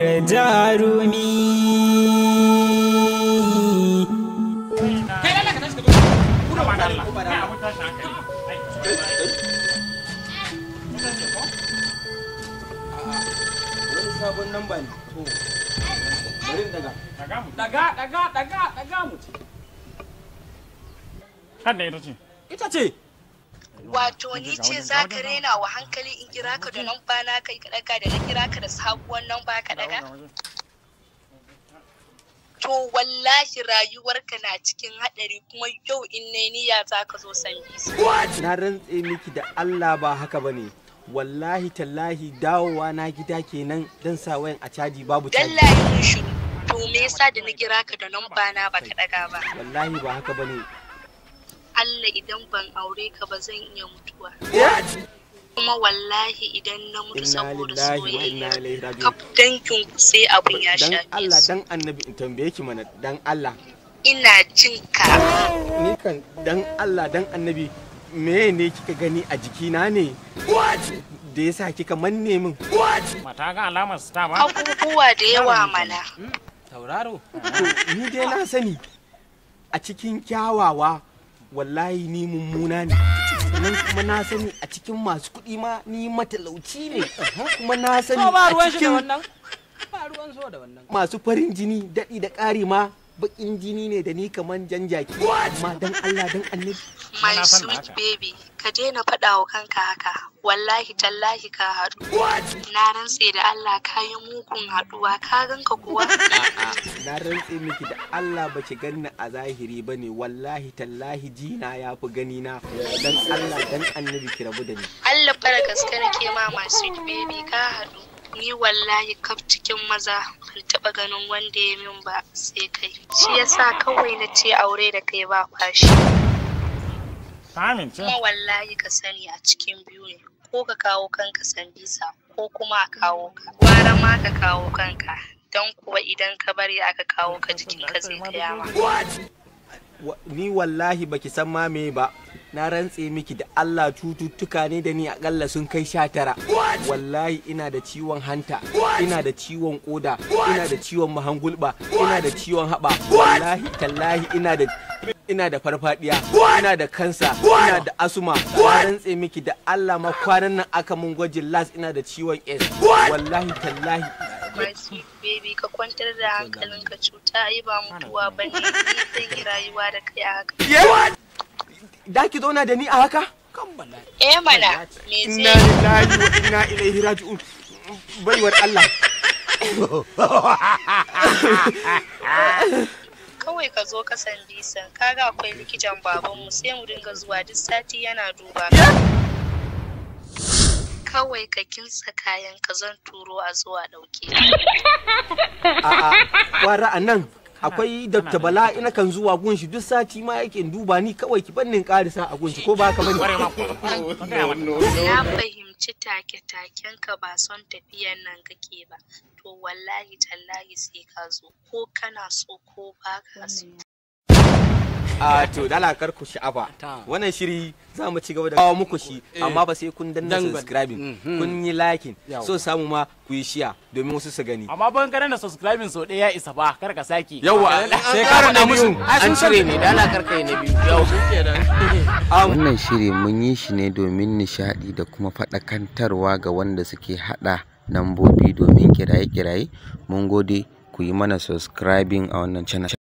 jarumi sabon namba ce wato ni ce za ka rena wa hankali in kira ka da namba na kai ka daga da na kira ka da sabuwar namba ka daga to wallahi rayuwarka na cikin hadari kuma yau in ne niyya za ka zo san na rantse miki da Allah ba haka ba ne" wallahi tallahi dawowa na gida kenan dan sa wayan a caji babu caji dallahi shiru to me yasa da na kira ka da namba na ka daga ba wallahi ba haka ne Allah idan ban aure ka ba zan iya mutuwa. Kuma wallahi idan na mutu saboda soyayya kaf dangin ku sai abin ya shafe su. Allah dan annabi in tambaye ki mana dan Allah. Ina jin ka. Ni kan dan Allah dan annabi me ne kika gani a jikina ne? Da yasa kika manne min? Mata ga alamar ta ba. Abubuwa da yawa mana. Hmm, tauraro. Ni dai na sani a cikin kyawawa wallahi ni mummuna ne sannan kuma na sani a cikin masu kuɗi ma ni matalauci ne kuma na sani a cikin masu farin jini daɗi da ƙari ma bakin jini ne da ni kaman jan jaki amma dan Allah dan annabi my sweet baby ka daina faɗa wa kanka haka wallahi tallahi ka haɗu na rantse da Allah ka yi mugun haɗuwa ka ganka kuwa na rantse miki da Allah ba ki ganni a zahiri ba ne wallahi tallahi jina ya fi gani na dan Allah dan annabi ki rabu da ni Allah bara gaske nake ma masu baby ka haɗu ni wallahi kaf cikin maza ban taɓa ganin wanda ya min ba sai kai shi yasa kawai na ce aure da kai ba fashi kuma wallahi ka sani a cikin biyu ne ko ka kawo kanka sandisa ko kuma a kawo ka gwara ma ka kawo kanka don kuwa idan ka bari aka kawo ka jikin ka zai gaya ma ni wallahi baki san ma me ba na rantse miki da Allah cututtuka ne da ni akalla sun kai sha tara wallahi ina da ciwon hanta ina da ciwon koda ina da ciwon mahangulba ina da ciwon haba wallahi tallahi ina da ina da farfadiya ina da kansa ina da asuma na rantse miki da Allah ma kwanan nan aka mun gwajin las ina da ciwon s wallahi tallahi mamaki baby ka kwantar da hankalinka cuta ai ba mutuwa ba ne zan yi rayuwa da kai a haka yawa da ki zauna da ni a haka eh mana inna lillahi wa inna ilaihi raji'un baiwar Allah kawai ka zo ka san bisan kaga akwai likitan babanmu sai mu dinga zuwa duk sati yana duba kawai ka kinsa kayan ka zan turo a zuwa ɗauke. A'a, kwara a nan akwai Dokta Bala ina kan zuwa gunshi duk sati ma yake duba ni kawai ki bannin karisa a gunshi ko ba ka bani. Na fahimci take-taken ka ba son tafiyan nan kake ba. To wallahi tallahi sai ka zo ko kana so ko ba ka so. a to dala kar ku sha'afa wannan shiri za mu ci gaba da kawo muku shi eh. amma ba sai kun danna subscribing mhm. kun yi liking so samu ma ku yi shiya domin wasu su gani amma ban kana subscribing so ɗaya isa ba kar ka saki yawa sai ka musu an cire ne dala kar kai na biyu yawa um, wannan shiri mun yi shi ne domin nishadi da kuma faɗakantarwa ga wanda suke hada nambobi domin kiraye-kiraye mun gode ku yi mana subscribing a wannan channel